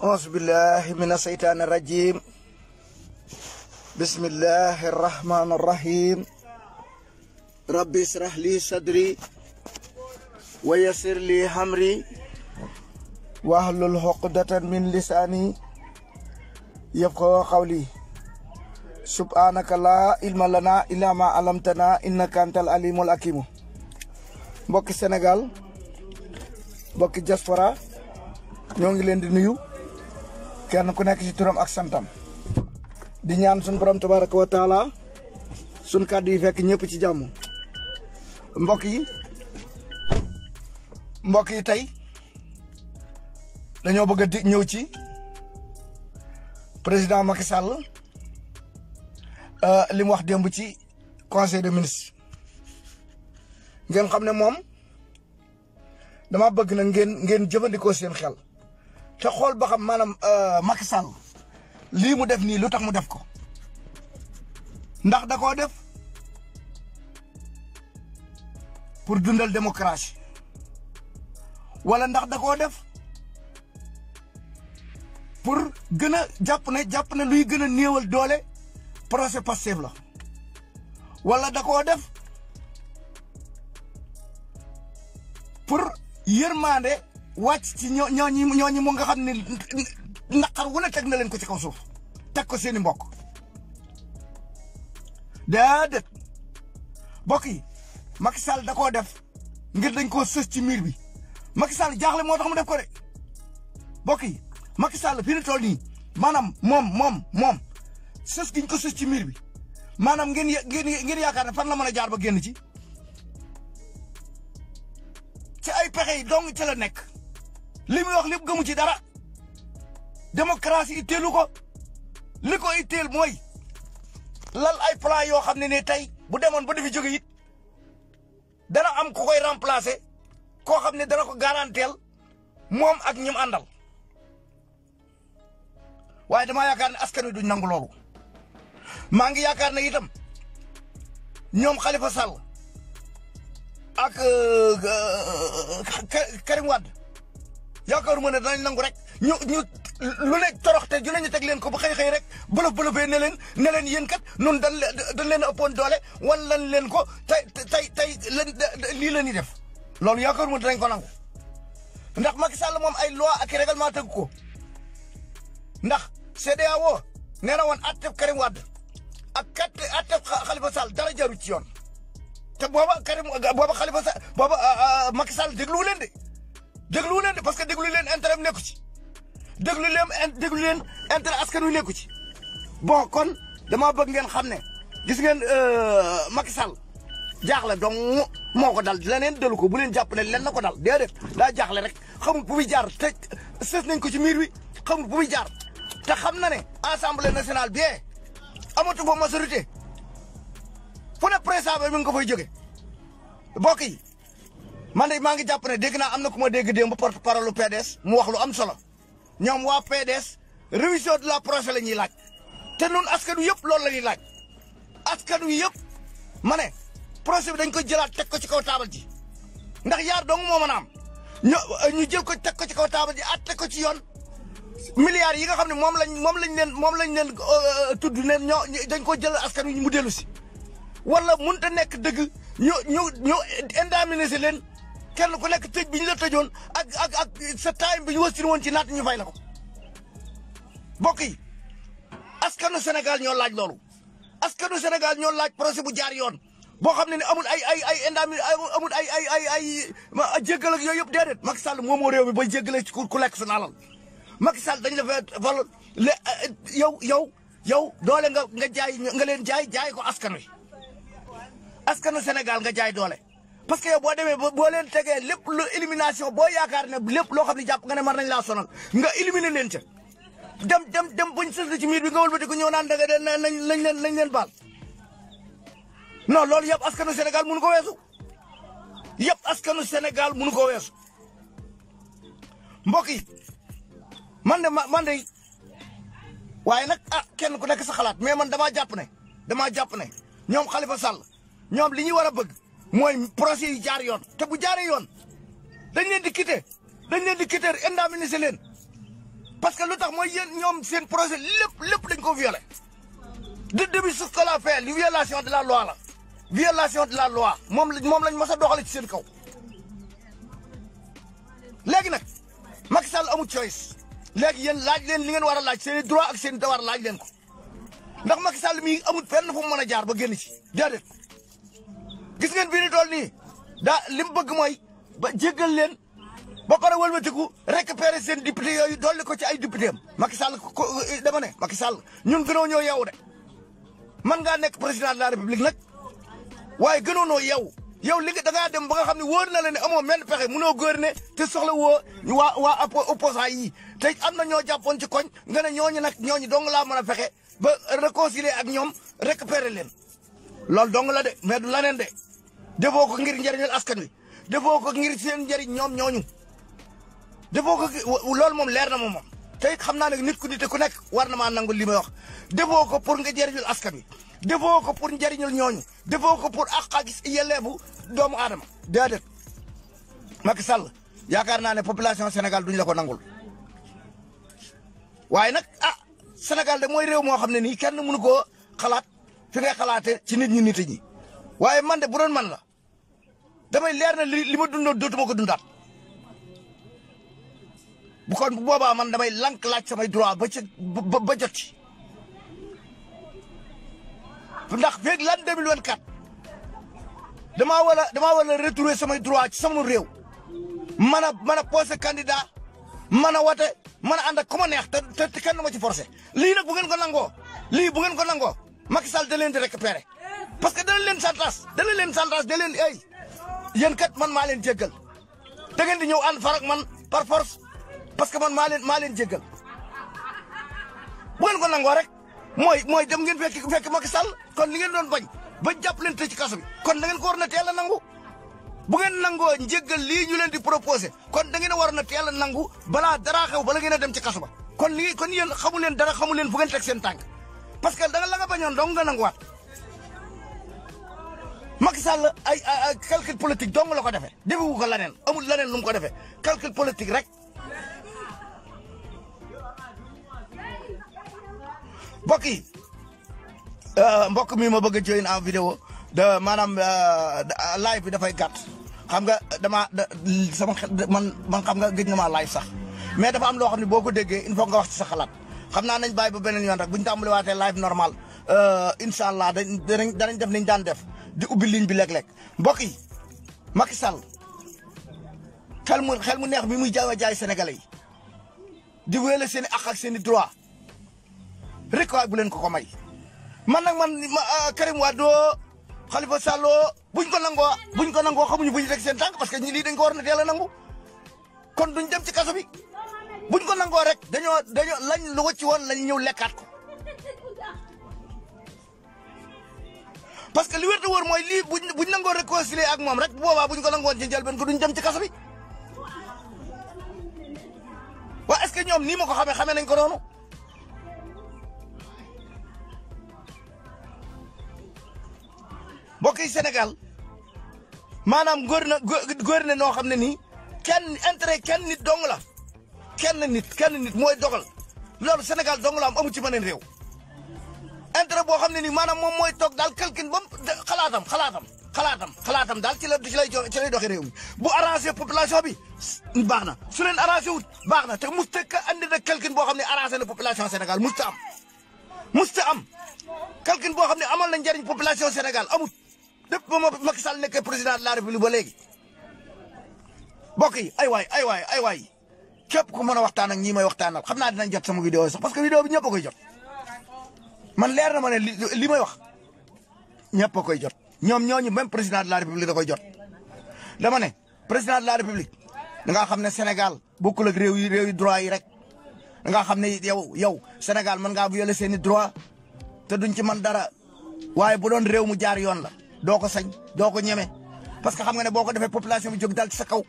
أعوذ بالله من الشيطان الرجيم بسم الله الرحمن الرحيم رب اشرح لي صدري ويسر لي أمري واحلل عقدة من لساني يفقهوا قولي سبحانك لا علم لنا إلا ما علمتنا إنك أنت العليم الحكيم بوك السنغال بوك diaspora ñoo ngi leen di nuyu kenn ku nek ci turam ak santam di ñaan sun borom tabaaraku wa taala sun kaddu yi fekk ñepp ci jamm mbokk yi mbokk yi tay dañoo bëgg di ñew ci président Macky Sall euh lim wax démb ci conseil de ministre ngeen xamne mom dama bëgg na ngeen ngeen jëfëndiko seen xel te xool ba xam maanaam euh, Macky Sall lii mu def nii lu tax mu def ko ndax da koo def pour dundal démocratie wala ndax da koo def pour gën a jàpp ne jàpp ne luy gën a néewal doole procès Pastef la wala da koo def pour yërmande. wàcc ci ñoo ñooñi ñooñi nga xam ne naqar wu ne teg na leen ko ci kaw teg ko seeni mbokk déedéet mbokk yi Macky Sall da koo def ngir dañ koo sës ci miir bi Macky Sall jaaxle moo tax mu def ko de mbokk yi Macky Sall fi ñu toll nii maanaam moom moom moom sës giñ ko sës ci miir bi maanaam ngeen ngeen ngeen yaakaar ne fan la mën a jaar ba génn ci ci ay pexe dong ci la nekk limi wax lepp gëmu ci dara démocratie itteelu ko li ko itteel lal ay plan yo xamné né tay bu démon bu dafi jogé yit garantiel am ku koy remplacer ko xamné dara ko garantel mom ak ñim andal waye dama yaakaar askan duñ nang lolu ma ngi yaakaar na itam ñom Khalifa Sall ak euh, Karim wad yaakaaruma ne danañ nangu rek ñu ñu lu ne toroxte ju ne ñu teg leen ko ba xëy xëy rek bëlëf bëlëfee ne leen ne leen yéen kat nun dañ dañ leen ëppoon doole wan lan leen ko tey tey tey lan lii la ñuy def loolu yaakaaruma danañ ko nangu ndax Macky Sall moom ay loi ak règlement tëgg ko ndax CEDEAO nee na woon atteb Karim Wade ak kat atteb Khalifa Sall dara jaru ci yoon te booba Karim booba Khalifa Sall booba Macky Sall dégluwu leen de dégluwu leen de parce que déglu leen intérêt am nekku ci déglu leen déglu leen intérêt askan wi nekku ci bon kon damaa bëgg ngeen xam ne gis ngeen euh, Macky Sall jaaxle dong moo ko dal leneen dalu ko bu leen jàpp ne leen na ko dal déedéet daa jaaxle rek xamul bu muy jaar te sës nañ ko ci miir wi xamul bu muy jaar te xam na ne assemblée nationale bi amatu fa majorité fu ne président mi ngi ko fay jóge mbokk yi man de maa ngi jàpp ne dégg naa am na ku ma dégg démb porte parole PDS mu wax lu am solo ñoom waa PDS révision de la projet la ñuy laaj te noonu askan wi yëpp loolu la ñuy laaj askan wi yëpp ma ne projet bi dañ ko jëlaat teg ko ci kaw taabal ji ndax yaar dong moo mën a am ñu euh, ñu jël ko teg ko ci kaw taabal ji at teg ko ci yoon milliards yi nga xam ne moom lañ moom lañ leen moom lañ leen euh, euh, tudd ne ñoo dañ ko jël askan wi mu dellu si wala mënut a nekk dëgg ñu ñu ñu indemniser leen. kenn ku nekk tëj bi ñu la tëjoon ak ak ak sa time bi ñu wasin woon ci naat ñu fay la ko mbokk yi askanu Sénégal ñoo laaj loolu askanu Sénégal ñoo laaj procès bu jaar yoon boo xam ne ne amul ay ay ay indami amul ay ay ay ay jéggal ak yooyu yëpp déedéet Macky Sall moomoo réew mi bay jéggale ci ku lekk seen alal Macky dañ la fa val eh, yow yow yow doole nga nga jaay nga leen jaay jaay ko askan wi askanu Sénégal nga jaay doole parce que yow boo demee boo leen tegee lépp lu élimination boo yaakaar ne lépp loo xam ni jàpp nga ne mën nañ laa sonal nga éliminer leen ca dem dem dem bañ sës ci miir bi nga wëlbati ko ñëw naan danga nañ nañ leen nañ leen baal non loolu yëpp askanu Sénégal munu ko weesu yëpp askanu senegal mënu ko weesu mbokk yi man de man de waaye nag ah kenn ku nekk sa xalaat mais man damaa jàpp ne damaa jàpp ne ñoom Khalifa Sall ñoom li ñu war a bëgg mooy procès yi jaar yoon te bu jaaree yoon dañ leen di quitter dañ leen di quitter indemniser leen parce que lu tax mooy yéen ñoom seen procès lépp lépp dañ ko violé de début jusqu'à la fin li violation de la loi la violation de la loi moom lañ moom lañ mës a doxale ci seen kaw léegi nag Macky Sall amul choice léegi laaj leen li ngeen war a laaj seen i droit ak seen i devoir laaj leen ko ndax Macky Sall mii amul fenn fu mu mën a jaar ba génn ci déedéet gis ngeen fii ni toll nii daa li mu bëgg mooy ba jéggal leen ba pare wëlbatiku pere seen député yooyu dolli ko ci ay député am Macky Sall ko dama ne Macky Sall ñun gënoo ñoo yeewu de man ngaa nekk président de la république nag waaye gënoo noo yeewu yow li nga da dem ba nga xam ne wóor na la ne amoo menn pexe mënoo gouverner te soxla woo waa waa opposant yi tey am na ñoo jàppoon ci koñ nga ne ñooñu nag ñooñu dong laa mën a fexe ba réconcilier ak ñoom récupérer leen loolu dong la de mais du leneen defoo ko ngir njariñal askan wi defoo ko ngir seen njari ñom ñoñu defoo ko loolu moom leer na mom tay xamna nak nit ku nit ku nek war na ma nangul limay wax defoo ko pour nga jariñul askan wi defoo ko pour njariñul ñoñu defoo ko pour akka gis yelebu doomu adam déedéet Macky Sall yaakar na ne population Sénégal duñ la ko nangul waye nak ah Sénégal de moy rew mo xamne ni kenn mënu ko xalaat fi ngay xalaate ci nit ñi nit ñi waye man de bu doon man la damay leer na duduk dundo dotu dootuma dundat bu kon bu boobaa man damay lank lacc samay droit ba ci ba jot ci ndax fek lan 2024 dama wala dama wala retourer samay droit ci rew mana mana poser candidat mana wate mana anda kuma neex te te kenn du ci forcer li nak bu ngeen ko nangoo li bu ngeen ko Macky Sall da di récupérer parce que leen leen da len ay yéen kat man maa leen jéggal da ngeen di ñëw ànd farak man par force parce que man maa leen maa leen jéggal bu ngeen ko nangoo rek mooy mooy dem ngeen fekk fekk Macky Sall kon li ngeen doon bañ ba jàpp leen te ci kaso kon da ngeen ko war na teel nangu bu ngeen nangoo njéggal lii ñu leen di proposé kon da ngeen a war na teel a nangu balaa daraa xew bala ngeen a dem ci kaso kon li kon yéen xamu leen dara xamu leen fu ngeen teg seen tànk parce que da nga la nga bañoon dong nga nanguwaat Macky Sall ay ay calcul politique dong la ko defee defewu ko leneen amul leneen lu mu ko defee calcul politique rek. mbokk yi euh, mbokk mi ma bëgg a na en vidéo de maanaam euh, live bi dafay gàtt xam nga dama sama man man xam nga gëj nga maa live sax mais dafa am loo xam ne boo ko déggee il faut nga wax ci sa xalaat xam naa nañ bàyyi ba beneen yoon rek bu ñu waate live normal euh, incha allah dañ danañ danañ def niñ daan def. di ubi ligne bi léeg-léeg mbokk yi Macky Sall xel mu xel mu neex bi muy jaay jaay sénégalais yi di wéyale seen ak ak seen droit rek waay bu len ko ko may. man nak man ah, Karim Wado Khalifa Sallo buñ ko nango buñ ko nango xamuñu buñ rek seen tank parce que ñi li dañ ko war na nangu kon duñ dem ci kasso bi buñ ko nango rek dañoo dañoo lañ lu wacc won lañ ñew lekkat ko. parce que li wér te wóor mooy lii buñ buñ nangoo réconcilier ak moom rek bu boobaa buñ ko nangoon ci njëlbeen ko duñ dem ci kaso bi waa est-ce que ñoom nii ma ko xamee xamee nañ ko noonu mbokk yi Sénégal maanaam góor na góor noo xam ne nii kenn intérêt kenn nit dong la kenn nit kenn nit mooy dogal loolu senegal dong la am ci beneen réew intérêt boo xam ne ni maanaam moom moy toog daal quelqu'un ba xalaatam xalaatam xalaatam xalaatam daal ci la ci lay ci lay doxee réew bu arrangé population bi baax na su leen arrangé wut baax na te musta andi na quelqu'un boo xam ne arrangé na population Sénégal musta am musta am quelqu'un boo xam ne amal na njëriñ population senegal amut lépp ba ma Macky Sall nekkee président de la République ba léegi mbokk yi ay waay ay waay ay waay képp ku mën a waxtaan ak waxtaanal xam naa dinañ jot sama vidéo koy jot man leer na mané ne li may wax ñepp koy jot ñom ñoñu même président de la république da koy jot dama né président de la république da nga xamné Sénégal bokkul ak réew yi réew yi droit yi rek da nga xamné yow yow Sénégal mën ngaa violer seeni droit te duñ ci man dara waye bu doon réew mu jaar yoon la doko sañ doko ko parce que xam nga né boko défé population bi jog dal ci sa kaw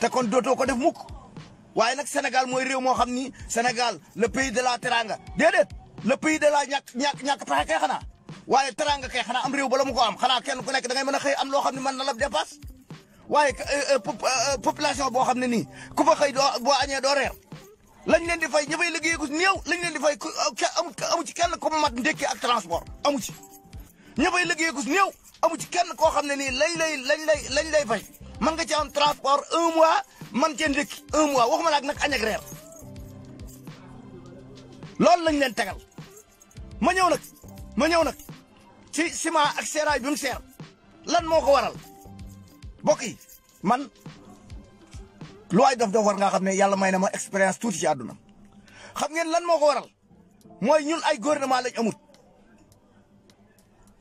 te kon doto ko def mukk waye nak Sénégal moy réew mo xamni ni Sénégal le pays de la teranga dedet le pays de la ñàkk ñàkk ñàkk pexe kay xanaa waaye teranga kay xanaa am réew bala mu ko am xanaa kenn ku nekk da ngay mën a xëy am loo xam ne mën na la dépasse waaye euh, euh, euh, population boo xam ne nii ku fa xëy doo boo añee doo reer lañ leen di fay ña fay liggéey ku néew lañ leen di fay amu ci kenn ku mat ndékki ak transport amu ci ña fay liggéey ku néew amu ci kenn koo xam ne nii lañ lay lañ lay lañ lay fay man nga ci am transport un mois man cee ndékki un mois waxuma laak nag añ ak reer loolu lañ leen tegal ma ñew nak ma ñew nak ci ciment ak seray bi mu seer lan moko waral bokki man loi daf dof war nga xamne yalla mayna ma experience tout ci aduna xam ngeen lan moko waral moy ñun ay gouvernement lañ amut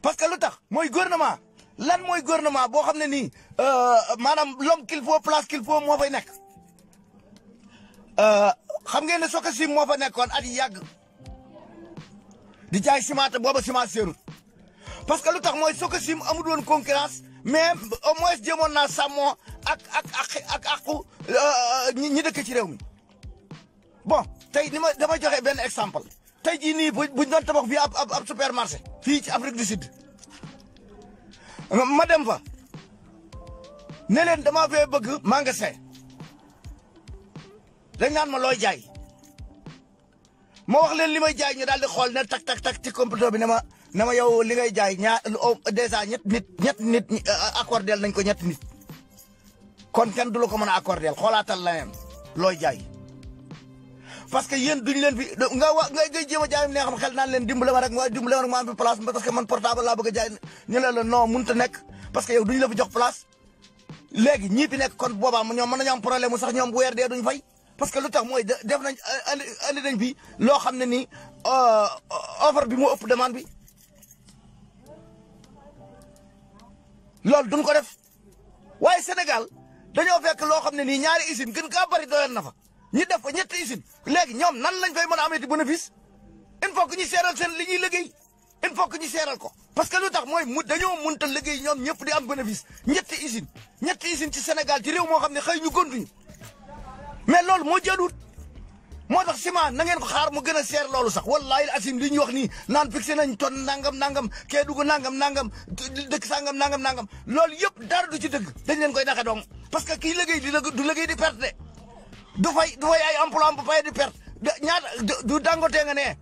parce que lutax moy gouvernement lan moy gouvernement bo xamne ni euh manam l'homme qu'il faut place qu'il faut mo fay nek euh xam ngeen ne sokasi mo fa nekkoon at yi di jay ciment bobu booba ciment parce que lutax moy soko sim amul woon concurrence mais au moins jéemoon na samo ak ak ak ak aqu ñi eh, eh, dekk ci rewmi bon tay ni dama joxe ben exemple tay ji ni bu buñ doon tabax fii ab ab supermarché fi, ci Afrique du Sud ma dem fa ne len dama fee bëgg magasin dañ nan ma loy jay ma wax leen li may jaay ñu daal di xool ne tak tak tak ci compétiteur bi ne ma ne ma yow li ngay jaay ñaar dèjà ñett nit ñett nit accordeel nañ ko ñett nit kon kenn du la ko mën a accordeel xoolaatal la neen looy jaay parce que yéen duñu leen fi nga wa nga ngay jéem a jaay nee xam xel naan leen dimbale ma rek ma dimbale ma rek ma am fi place parce que man portable laa bëgg a jaay ñu ne la non mënut a nekk parce que yow duñu la fi jox place léegi ñii fi nekk boobaa ñoom mën nañu am problème mu dee duñ fay parce que lu tax mooy def nañ andi andi nañ bi loo xam ne nii euh, offre bi moo ëpp demande bi loolu duñ ko def waaye Sénégal dañoo fekk loo xam ne nii ñaari usine gën kaa bari doyoon na fa ñi def ko ñetti usine léegi ñoom nan lañ fay mën a amati bénéfice il faut que ñu seeral seen li ñuy liggéey il faut que ñu seeral ko parce que lu tax mooy mu dañoo mënta liggéey ñoom ñëpp di am bénéfice ñetti usine ñetti usine ci senegal ci réew moo xam ne xëy ñu gontuñu mais loolu moo jëluut moo tax ciment na ngeen ko xaar mu gën a seer loolu sax wallaahi asim li ñuy wax nii naan fixé nañ ton nangam nangam kee dugg nangam nangam dëkk sangam nangam nangam loolu yëpp dara du ci dëgg dañ leen koy naxe dong parce que kii liggéey di du liggéey di perte de du fay du fay ay emploi bu fay di perte ñaata du dangotee nga nee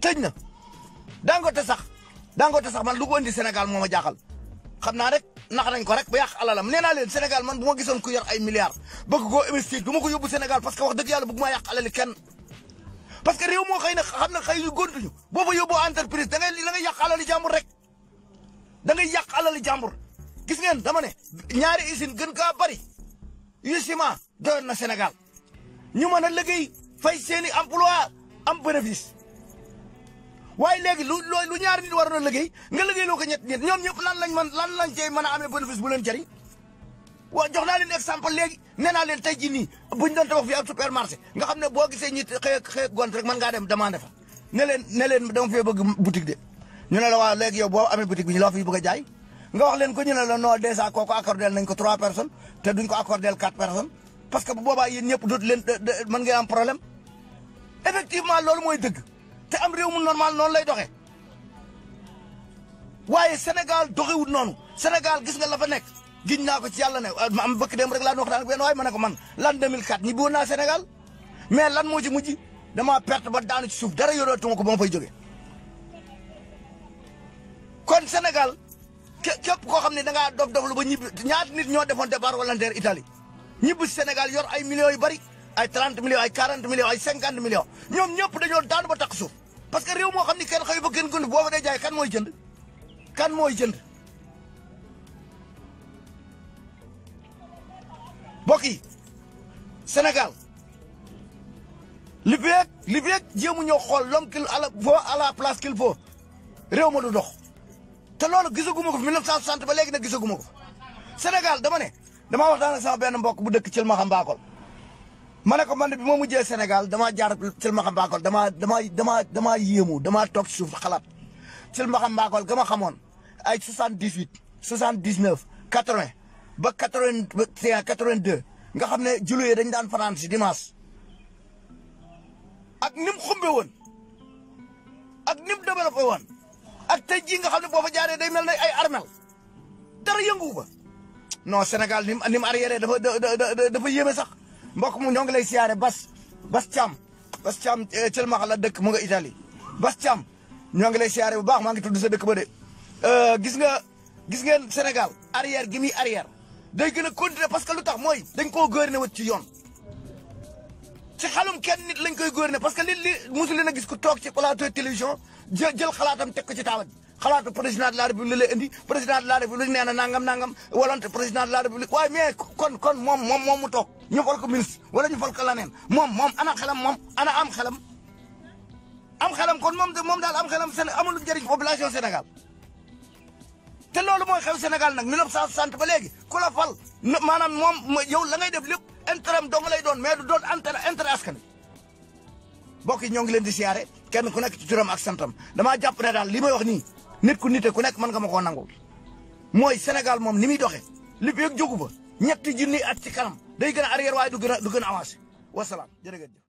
tëj na dangote sax dangote sax man lu ko indi Sénégal moo ma jaaxal xam naa rek nax nañ ko rek ba yàq alalam nee naa leen Sénégal man bu ma gisoon ku yor ay milliards bëgg koo investir du ma ko yóbbu Sénégal parce que wax dëgg yàlla bëgg maa yàq alali kenn parce que réew moo xëy na xam na xëy ñu boo fa yóbboo entreprise da ngay da ngay yàq alali jàmbur rek da ngay yàq alali jàmbur gis ngeen dama ne ñaari usine gën kaa bari yu ciment doyoon na senegal ñu mën a liggéey fay seeni emploi am bénéfice way legui lu lu ñaar nit waroon a liggéey nga liggéeyloo ko ñet ñett ñom ñep lan lañ man lan lañ cey mëna amé bénéfice bu leen jari wa jox na leen exemple legui néna leen tay ji ni buñ doon tax fi ab supermarché nga xamné bo gisé gisee ñi xëy gont rek man nga dem demandé fa né leen né leen dama fi bëgg boutique dé ñu ne la wa legui yow bo amé boutique bi ñu la fi bëgg jaay nga wax leen ko ñu ne la non dèjà kooku accordel nañ ko 3 personnes té duñ ko accordel 4 personnes parce que bu boba yeen ñep dootu leen man nga am problème effectivement lool moy dëgg te am réew mu normal noonu lay doxe waaye Sénégal doxewut noonu Sénégal gis nga la nekk giñ naa ko ci yàlla ne ah, ma am bëkk dem rek laa nu waxtaan ak benn waaye ma ne ko man lan 2004 ñibbi woon naa Sénégal mais lan moo ci mujj damaa perte ba daanu ci suuf dara yoreetuma ko ba ma fay jógee kon Sénégal képp koo xam ne dangaa dof dof lu ba ñibbi ñaata nit ñoo defoon départ volontaire Italie ñibbi Sénégal yor ay millions yu bari ay 30 millions ay 40 millions ay ñoom ñëpp dañoo daanu ba takk suuf parce que réew moo xam ni kenn xëyu ba kenn gund boo fa dee jaay kan mooy jënd kan mooy jënd mbokk yi Sénégal li feeg li feeg jéemu ñoo xool l'homme qu'il faut à la place qu'il faut réew ma du dox te loolu gisaguma ko fi sant ba léegi nag gisaguma ko Sénégal dama ne dama waxtaan ak sama benn mbokk bu dëkk Thiel ma xam ma ne ko man de bi ma mujjee Sénégal damaa jaar cil ma xam damaa damaa damaa damaa yéemu damaa toog suuf xalaat cil ma xamoon ay soixante dix huit soixante dix neuf quatre ba quatre vingt quatre vingt nga xam ne jullit dañ daan fanaan si dimanche ak ni mu xumbe woon ak ni mu développé ak tey jii nga xam ne boo fa jaaree day mel ne ay armel dara yëngu ba non Sénégal ni mu ni mu da dafa dafa yéeme sax. mbokk mu ñoo ngi lay siyaare Bas Bas Thiam Bas Thiam eh, Thielmaxa la dëkk mu nga Italie Bas Thiam ñoo ngi lay siyaare bu baax maa ngi tudd sa dëkk ba de eh, gis nga gis ngeen Sénégal arrière gi muy arrière day gën a continuer parce que lu tax mooy dañ koo gouverner wat ci yoon ci xelum kenn nit lañ koy gouverner parce que li li mosu a gis ku toog ci plateau télévision jël xalaatam teg ko ci taabal bi xalaatu président de la république la indi président de la république nee na nangam nangam walante président de la république waaye mais kon kon moom moom moom mu toog ñu fal ko ministre wala ñu fal ko leneen moom moom ana xelam moom ana am xelam. am xelam kon moom moom daal am xelam seen amul njëriñ population Sénégal te loolu mooy xew Sénégal nag sant ba léegi ku la fal maanaam moom yow la ngay def lépp intérêt am dong lay doon mais du doon intérêt intérêt askan mbokk yi ñoo ngi leen di siyaare kenn ku nekk ci turam ak santam damaa jàpp ne li may wax nii nit ku nite ku nekk mën nga ma koo nangul mooy Sénégal moom ni muy doxee li fi yëg jógu ba ñetti junni at ci kanam day gën a waaye du gën a du gën a avancé wasalaam jërëjëf